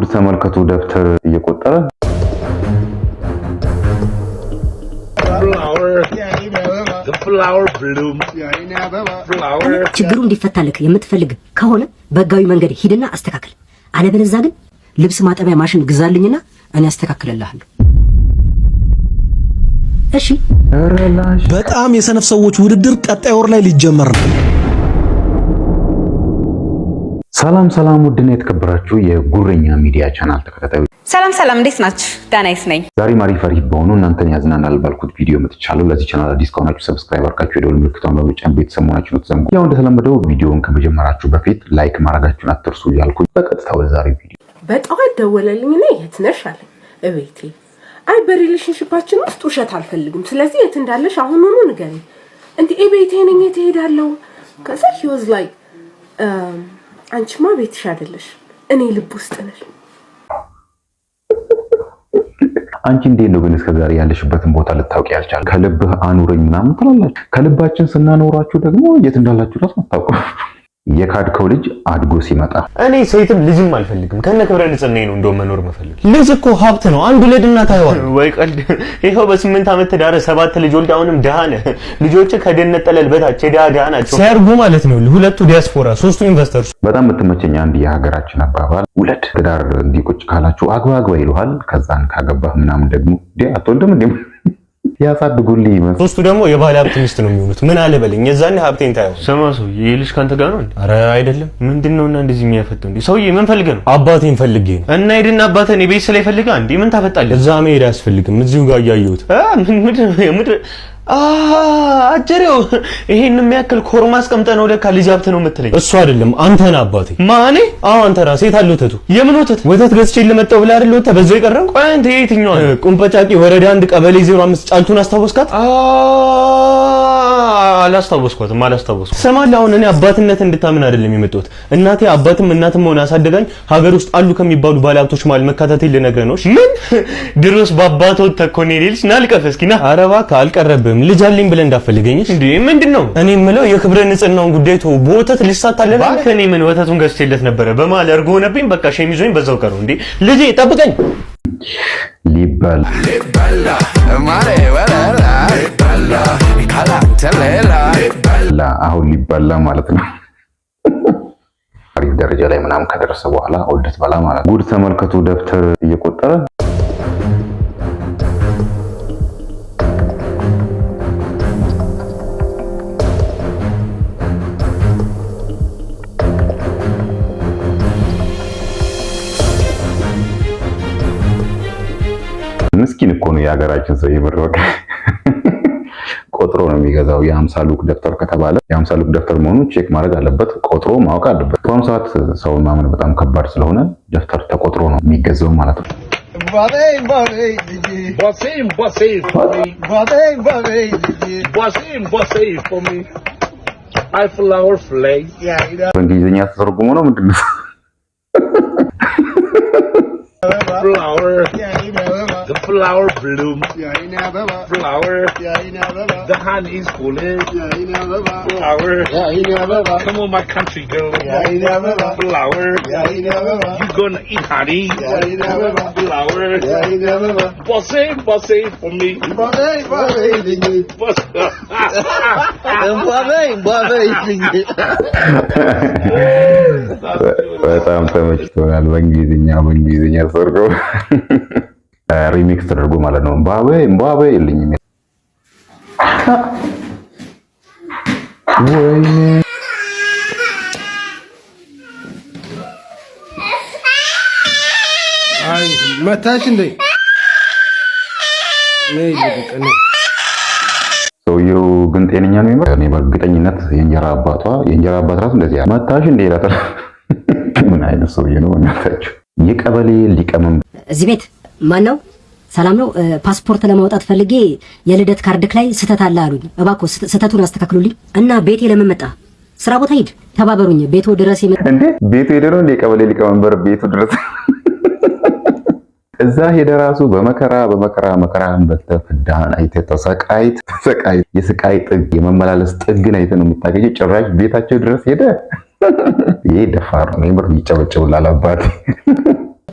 ጉድ ተመልከቱ። ደብተር እየቆጠረ ችግሩ እንዲፈታልክ የምትፈልግ ከሆነ በህጋዊ መንገድ ሂድና አስተካክል። አለበለዛ ግን ልብስ ማጠቢያ ማሽን ግዛልኝና እኔ አስተካክልልሃለሁ። እሺ። በጣም የሰነፍ ሰዎች ውድድር ቀጣይ ወር ላይ ሊጀመር ነው። ሰላም ሰላም፣ ውድና የተከበራችሁ የጉረኛ ሚዲያ ቻናል ተከታታዮች ሰላም ሰላም፣ እንዴት ናችሁ? ዳናይት ነኝ። ዛሬ ማሪ ፈሪ በሆኑ እናንተን ያዝናናል ባልኩት ቪዲዮ መጥቻለሁ። ለዚህ ቻናል አዲስ ከሆናችሁ ሰብስክራይብ አድርጋችሁ የደወል ምልክቷን በመጫን ቤተሰብ መሆናችሁን አትዘንጉ። ያው እንደተለመደው ቪዲዮውን ከመጀመራችሁ በፊት ላይክ ማድረጋችሁን አትርሱ እያልኩ በቀጥታ ወደ ዛሬው ቪዲዮ። በጠዋት ደወለልኝና የት ነሽ አለኝ። እቤቴ። አይ በሪሌሽንሽፓችን ውስጥ ውሸት አልፈልግም፣ ስለዚህ የት እንዳለሽ አሁኑኑ ንገሪኝ። እንዲህ እቤቴ ነኝ፣ የት እሄዳለሁ? ከዛ ሂ ዋዝ ላይክ አንቺማ ቤትሽ አይደለሽ፣ እኔ ልብ ውስጥ ነሽ። አንቺ እንዴት ነው ግን እስከ ዛሬ ያለሽበትን ቦታ ልታውቂ ያልቻል? ከልብህ አኑረኝ ምናምን ትላላችሁ። ከልባችን ስናኖራችሁ ደግሞ የት እንዳላችሁ ራሱ አታውቁ። የካድከው ልጅ አድጎ ሲመጣ እኔ ሴትም ልጅም አልፈልግም። ከነ ክብረ ንጽህናዬ ነው እንደው መኖር መፈልግ። ልጅ እኮ ሀብት ነው። አንዱ ለድና ታይዋል ወይ ቀልድ። ይኸው በስምንት ዓመት ትዳር ሰባት ልጅ ወልድ አሁንም ድሃ ነህ። ልጆች ከድህነት ጠለል በታች የድሃ ድሃ ናቸው። ሲያርጉ ማለት ነው። ሁለቱ ዲያስፖራ፣ ሶስቱ ኢንቨስተር። በጣም የምትመቸኝ አንድ የሀገራችን አባባል ሁለት ትዳር እንዲቁጭ ካላችሁ አግባ አግባ ይልሃል። ከዛን ካገባህ ምናምን ደግሞ አትወልድም ያሳድጉልኝ ይመስል ሶስቱ ደግሞ የባህል ሀብት ሚስት ነው የሚሆኑት። ምን አለ በለኝ የዛኔ ሀብቴን ታየው። ስማ ሰው፣ ይሄ ልጅ ካንተ ጋር ነው? አረ አይደለም። ምንድን ነው እና እንደዚህ የሚያፈጥ እንዴ? ሰውዬ ምን ፈልገህ ነው? አባቴን ፈልጌ ነው። እና ሂድና አባቴን እኔ ቤት ፈልጋ እንዴ ምን ታፈጣለህ? እዛ መሄድ አያስፈልግም። እዚሁ ጋር እያየሁት ምን ምድር ምድር አጀሬው ይሄን የሚያክል ኮርማ አስቀምጠህ ነው ለካ ልጅ ሀብት ነው የምትለኝ? እሱ አይደለም አንተ ነህ አባቴ። ማኔ? አዎ አንተ ራስህ። የት አለ ወተቱ? የምን ወተት? ወተት ገዝቼ ልመጣው ብለህ አይደል? ወተት በዛው የቀረው። ቆይ አንተ የትኛዋ? ቁምበጫቂ ወረዳ አንድ ቀበሌ 05 ጫልቱን አስታወስካት? አላስታወስኳትም አላስታወስኳትም። ስማል አሁን እኔ አባትነት እንድታምን አይደለም የመጣሁት። እናቴ አባትም እናትም ሆነ አሳደጋኝ ሀገር ውስጥ አሉ ከሚባሉ ባለሀብቶች መሀል መካተቴ ልነግርህ ነው። ምን ድሮስ በአባቶ ተኮኔ ሌልስ ና ልቀፍ እስኪ ና። ኧረ እባክህ አልቀረብህም። ልጅ አለኝ ብለህ እንዳትፈልገኝ እንዴ። ምንድን ነው እኔ የምለው የክብረ ንጽህናውን ጉዳይ ተው። በወተት ልሳታለህ እባክህ። እኔ ምን ወተቱን ገዝቼለት ነበረ በመሀል እርጎ ሆነብኝ። በቃ ሸሚዞኝ በዛው ቀረው እንዴ። ልጄ ጠብቀኝ ሊበላ አሁን ሊበላ ማለት ነው። አሪፍ ደረጃ ላይ ምናምን ከደረሰ በኋላ ወደት በላ ማለት ጉድ ተመልከቱ። ደብተር እየቆጠረ ምስኪን እኮ ነው የሀገራችን ሰው የምር በቃ ቆጥሮ ነው የሚገዛው። የአምሳ ሉክ ደብተር ከተባለ የአምሳ ሉክ ደብተር መሆኑን ቼክ ማድረግ አለበት፣ ቆጥሮ ማወቅ አለበት። በአሁኑ ሰዓት ሰውን ማመን በጣም ከባድ ስለሆነ ደብተር ተቆጥሮ ነው የሚገዛው ማለት ነው። በእንግሊዝኛ ተተርጉሞ ነው ምንድን ነው flower blooms. Flower. The honey is fullest. Flower. Come on, my country girl. Flower. You gonna eat honey. Flower. Bossy, bossy for me. Bossy, bossy. Bossy. Bossy. በጣም ተመችቶናል። በእንግሊዝኛ በእንግሊዝኛ ሰርገው ሪሚክስ ተደርጎ ማለት ነው። ምባቤ እምባቤ የለኝ ወይ መታች እንደ ሰውየው ግን ጤነኛ ነው ይመስል እኔ በእርግጠኝነት የእንጀራ አባቷ የእንጀራ አባት ራሱ እንደዚህ ያለ መታች እንደ ይላታል። ምን አይነት ሰውዬ ነው እናታችሁ? የቀበሌ ሊቀመንበር እዚህ ቤት ማን ነው? ሰላም ነው። ፓስፖርት ለማውጣት ፈልጌ የልደት ካርድክ ላይ ስህተት አለ አሉኝ። እባክዎ ስህተቱን አስተካክሉልኝ እና ቤቴ ለምን መጣ? ስራ ቦታ ሂድ፣ ተባበሩኝ። ቤቱ ድረስ ይመ እንዴ ቤቱ ሄደ ነው እንዴ? ቀበሌ ሊቀመንበር ቤቱ ድረስ እዛ ሄደ ራሱ በመከራ በመከራ መከራን በልተህ ፍዳን አይተ ተሰቃይት ተሰቃይት የስቃይ ጥግ የመመላለስ ጥግን አይተህ ነው የምታገኘው። ጭራሽ ቤታቸው ድረስ ሄደ። ይሄ ደፋር ነው። የምር ይጨበጭብላል አባቴ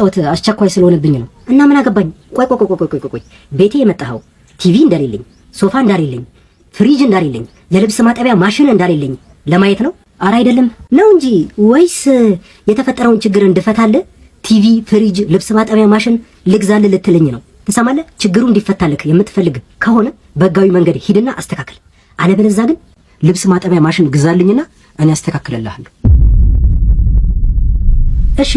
ጦት አስቸኳይ ስለሆነብኝ ነው። እና ምን አገባኝ? ቆይ ቆይ ቆይ ቆይ ቆይ ቤቴ የመጣኸው ቲቪ እንደሌለኝ፣ ሶፋ እንዳሌለኝ፣ ፍሪጅ እንዳሌለኝ፣ የልብስ ማጠቢያ ማሽን እንዳሌለኝ ለማየት ነው? አረ አይደለም ነው እንጂ ወይስ የተፈጠረውን ችግር እንድፈታልህ ቲቪ፣ ፍሪጅ፣ ልብስ ማጠቢያ ማሽን ልግዛልህ ልትለኝ ነው? ትሰማለህ? ችግሩ እንዲፈታልክ የምትፈልግ ከሆነ በህጋዊ መንገድ ሂድና አስተካክል። አለበለዚያ ግን ልብስ ማጠቢያ ማሽን ግዛልኝና እኔ አስተካክልልሃለሁ። እሺ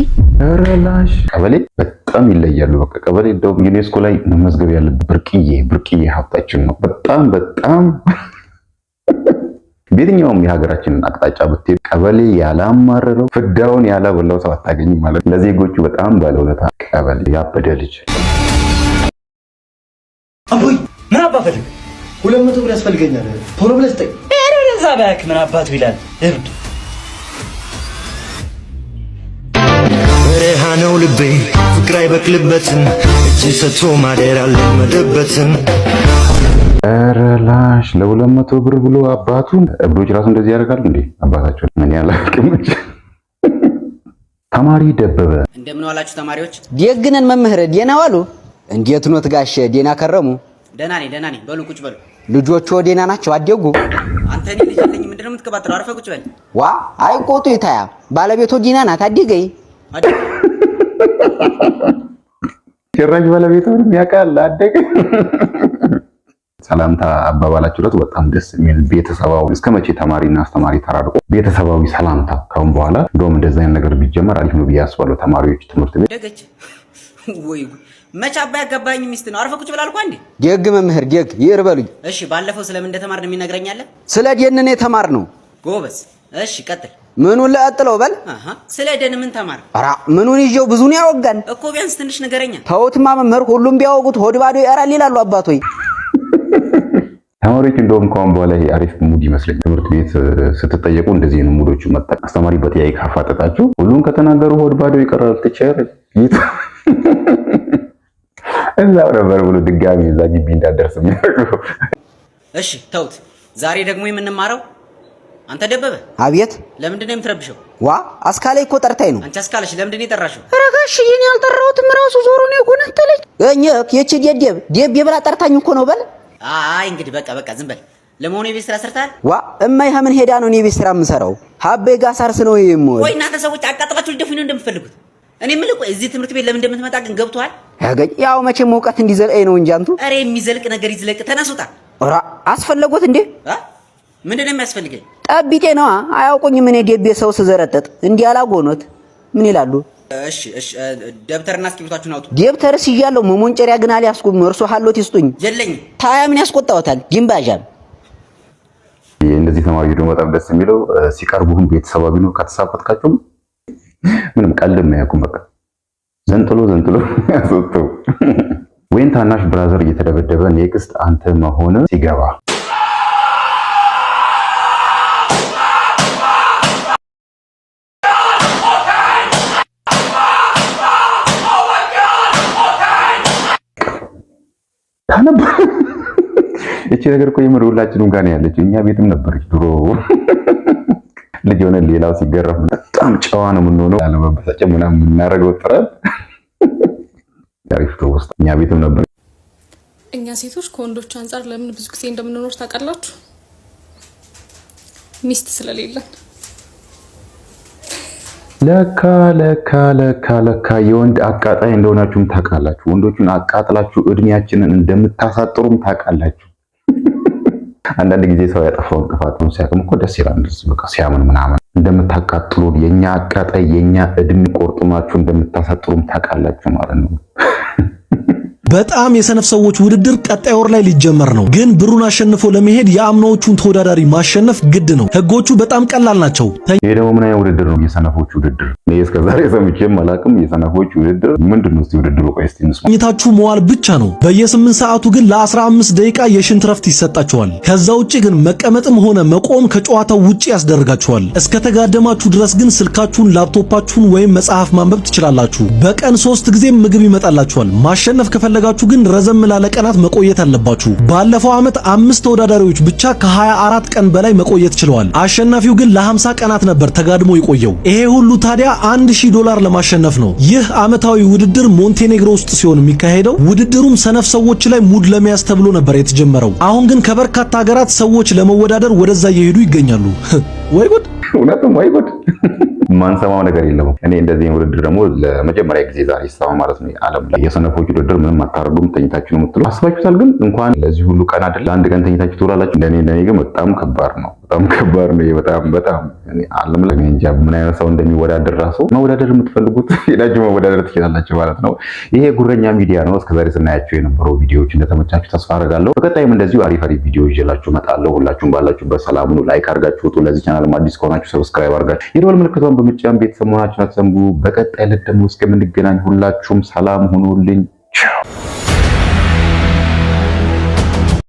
ረላሽ ቀበሌ በጣም ይለያሉ። በቃ ቀበሌ እንደውም ዩኔስኮ ላይ መመዝገብ ያለ ብርቅዬ ብርቅዬ ሀብታችን ነው። በጣም በጣም በየትኛውም የሀገራችንን አቅጣጫ ብትሄድ ቀበሌ ያላማረረው ፍዳውን ያላበላው ሰው አታገኝም ማለት ነው። ለዜጎቹ በጣም ባለውለታ ቀበሌ ያበደ ልጅ አቦይ ምን አባ ፈልግ ሁለት መቶ ብር ያስፈልገኛል ቶሎ ብለህ ስጠኝ። ዛባክ ምን አባቱ ይላል እብድ በረሃ ነው ልቤ ፍቅር አይበቅልበትም እጅ ሰጥቶ ማደር አልለመደበትም። ኧረ ለሁለት መቶ ብር ብሎ አባቱን እብዶች ራሱ እንደዚህ ያደርጋሉ እንዴ? አባታቸው ምን ያለ ተማሪ ደበበ እንደምን ዋላችሁ ተማሪዎች? ደግነን መምህር ዴና ዋሉ። እንዴት ኖት ጋሼ? ዴና ከረሙ? ደህና ነኝ ደህና ነኝ። በሉ ቁጭ በሉ። ልጆቹ ዴና ናቸው? አደጉ? አንተ ልጅ ልኝ ምንድነው የምትቀባጥረው? አርፈህ ቁጭ በል። ዋ አይ ቆጡ ይታያ ባለቤቶ ዲና ናት አደገኝ ጭራሽ ባለቤቱንም ያውቃል አደገ። ሰላምታ አባባላችሁ ዕለት በጣም ደስ የሚል ቤተሰባዊ። እስከ መቼ ተማሪና አስተማሪ ተራርቆ ቤተሰባዊ ሰላምታ ካሁን በኋላ እንደውም እንደዚህ አይነት ነገር ቢጀመር አሪፍ ነው ብዬ አስባለሁ። ተማሪዎች ትምህርት ቤት ደገች ወይ መቼ አባ አጋባኝ ሚስት ነው። አርፈህ ቁጭ ብላ አልኳ እንዴ ጌግ መምህር ጌግ ይቅር በሉኝ። እሺ ባለፈው ስለምን እንደተማርን የሚነግረኝ አለ። ስለ ዲኤንኤ ተማር ነው ጎበዝ። እሺ ቀጥል ምኑን ለአጥለው በል ስለ ደን ምን ተማር? ኧረ ምኑን ይዤው ብዙን ያወጋን እኮ ቢያንስ ትንሽ ነገረኛ ተውትማ መምህር፣ ሁሉም ቢያወጉት ሆድ ባዶ ያራል ይላሉ አባቶይ። ተማሪዎች እንደውም ከአሁን በኋላ አሪፍ ሙድ ይመስለኛል። ትምህርት ቤት ስትጠየቁ እንደዚህ ነው ሙዶቹ መጣ። አስተማሪ በጥያቄ ካፋጠጣችሁ ሁሉም ከተናገሩ ሆድ ባዶ ይቀራል። ቲቸር ይት እዛው ነበር ብሎ ድጋሚ እዛ ግቢ እንዳደርስ የሚያደርገው። እሺ ተውት። ዛሬ ደግሞ የምንማረው አንተ ደበበ። አቤት። ለምንድን ነው የምትረብሸው? ዋ አስካላይ እኮ ጠርታኝ ነው። አንቺ አስካለሽ ለምንድን ነው የጠራሽው? ረጋሽ፣ ጋሽዬ እኔ አልጠራሁትም። ራሱ ዞሮ ነው የጎነተለች። እኛ የቺ ደደብ ደብ ብላ ጠርታኝ እኮ ነው። በል አይ እንግዲህ በቃ በቃ ዝም በል። ለመሆኑ የቤት ስራ ሰርታል? ዋ እማይ ሀምን ሄዳ ነው የቤት ስራ የምሰራው? ሀቤ ጋር ሳርስ ነው የምወል። ወይ እናንተ ሰዎች አቃጥላችሁ ልደፉኝ ነው እንደምፈልጉት። እኔ ምልቆ ልቆይ እዚህ ትምህርት ቤት ለምን እንደምትመጣ ግን ገብቷል። ያገኝ ያው መቼም እውቀት እንዲዘልቀኝ ነው እንጂ አንቱ። ኧረ የሚዘልቅ ነገር ይዝለቅ። ተነሱታ ራ አስፈለጎት እንዴ አ ምንድነው የሚያስፈልገኝ? ጠብቄ ነዋ። አያውቁኝ ምን ደቤ ሰው ስዘረጠጥ እንዲህ አላጎኖት ምን ይላሉ? እሺ እሺ፣ ደብተርና እስክሪብታችሁን አውጡ። ደብተርስ እያለሁ መሞንጨሪያ ግን አልያዝኩም። እርሶ ሀሎት ይስጡኝ። የለኝም። ታያ ምን ያስቆጣውታል? ጅምባዣም እንደዚህ ተማሪ ደግሞ በጣም ደስ የሚለው ሲቀርቡህም ቤተሰባዊ ነው። ከተሳፈጥካቸውም ምንም ቀልድም አያውቁም። በቃ ዘንጥሎ ዘንጥሎ ያስወጡ ወይም ታናሽ ብራዘር እየተደበደበ ኔክስት አንተ መሆን ሲገባ ነገር እኮ የምር ሁላችንም ጋር እኛ ቤትም ነበረች ድሮ ልጅ የሆነ ሌላው ሲገረፍ በጣም ጨዋ ነው የምንሆነው ያለመበሳጨት ምናምን የምናደርገው ጥረት ሪፍቶ ውስጥ እኛ ቤትም ነበር። እኛ ሴቶች ከወንዶች አንጻር ለምን ብዙ ጊዜ እንደምንኖር ታውቃላችሁ? ሚስት ስለሌለን። ለካ ለካ ለካ ለካ የወንድ አቃጣይ እንደሆናችሁም ታውቃላችሁ። ወንዶቹን አቃጥላችሁ እድሜያችንን እንደምታሳጥሩም ታውቃላችሁ። አንዳንድ ጊዜ ሰው ያጠፋውን ጥፋት ነው ሲያቅም እኮ ደስ ይላል። በቃ ሲያምን ምናምን እንደምታቃጥሉን የእኛ አቃጣይ የእኛ እድን ቆርጥማችሁ እንደምታሳጥሩም ታውቃላችሁ ማለት ነው። በጣም የሰነፍ ሰዎች ውድድር ቀጣይ ወር ላይ ሊጀመር ነው። ግን ብሩን አሸንፎ ለመሄድ የአምናዎቹን ተወዳዳሪ ማሸነፍ ግድ ነው። ህጎቹ በጣም ቀላል ናቸው። ይሄ ደግሞ ምን አይነት ውድድር ነው? የሰነፎች ውድድር ነው። እስከዛሬ ሰምቼም አላውቅም። የሰነፎች ውድድር ምንድን ነው? ውድድሩ ቆይ እስቲ እንስማ። መኝታችሁ መዋል ብቻ ነው። በየ8 ሰዓቱ ግን ለ15 ደቂቃ የሽንት ረፍት ይሰጣችኋል። ከዛ ውጪ ግን መቀመጥም ሆነ መቆም ከጨዋታው ውጪ ያስደርጋችኋል። እስከ ተጋደማችሁ ድረስ ግን ስልካችሁን፣ ላፕቶፓችሁን ወይም መጽሐፍ ማንበብ ትችላላችሁ። በቀን ሶስት ጊዜ ምግብ ይመጣላችኋል። ማሸነፍ ከፈለ ከፈለጋችሁ ግን ረዘም ላለ ቀናት መቆየት አለባችሁ። ባለፈው ዓመት አምስት ተወዳዳሪዎች ብቻ ከ24 ቀን በላይ መቆየት ችለዋል። አሸናፊው ግን ለ50 ቀናት ነበር ተጋድሞ የቆየው። ይሄ ሁሉ ታዲያ 1000 ዶላር ለማሸነፍ ነው። ይህ ዓመታዊ ውድድር ሞንቴኔግሮ ውስጥ ሲሆን የሚካሄደው ውድድሩም ሰነፍ ሰዎች ላይ ሙድ ለመያዝ ተብሎ ነበር የተጀመረው። አሁን ግን ከበርካታ ሀገራት ሰዎች ለመወዳደር ወደዛ እየሄዱ ይገኛሉ። ወይ ጉድ! እውነትም ወይ ጉድ! ማንሰማው ነገር የለም። እኔ እንደዚህ ውድድር ደግሞ ለመጀመሪያ ጊዜ ዛሬ ይሰማ ማለት ነው። ዓለም ላይ የሰነፎች ውድድር ምንም አታደርጉም፣ ተኝታችሁ ነው የምትሉ አስባችሁታል። ግን እንኳን ለዚህ ሁሉ ቀን አደለ አንድ ቀን ተኝታችሁ ትውላላችሁ። እንደኔ ለኔ ግን በጣም ከባድ ነው። በጣም ከባድ ነው። በጣም በጣም አለም ላይ እንጃ ምን አይነት ሰው እንደሚወዳደር ራሱ መወዳደር የምትፈልጉት ሄዳችሁ መወዳደር ትችላላችሁ ማለት ነው። ይሄ ጉረኛ ሚዲያ ነው። እስከዛሬ ስናያቸው የነበረው ቪዲዮዎች እንደተመቻችሁ ተስፋ አደርጋለሁ። በቀጣይም እንደዚሁ አሪፍ አሪፍ ቪዲዮ ይዤላችሁ እመጣለሁ። ሁላችሁም ባላችሁበት ሰላም ሁኑ። ላይክ አድርጋችሁ ውጡ። ለዚህ ቻናል አዲስ ከሆናችሁ ሰብስክራይብ አድርጋችሁ የደወል ምልክቷን በመጫን ቤተሰብ መሆናችሁን አትዘንጉ። በቀጣይ ዕለት ደግሞ እስከምንገናኝ ሁላችሁም ሰላም ሁኑልኝ። ቻው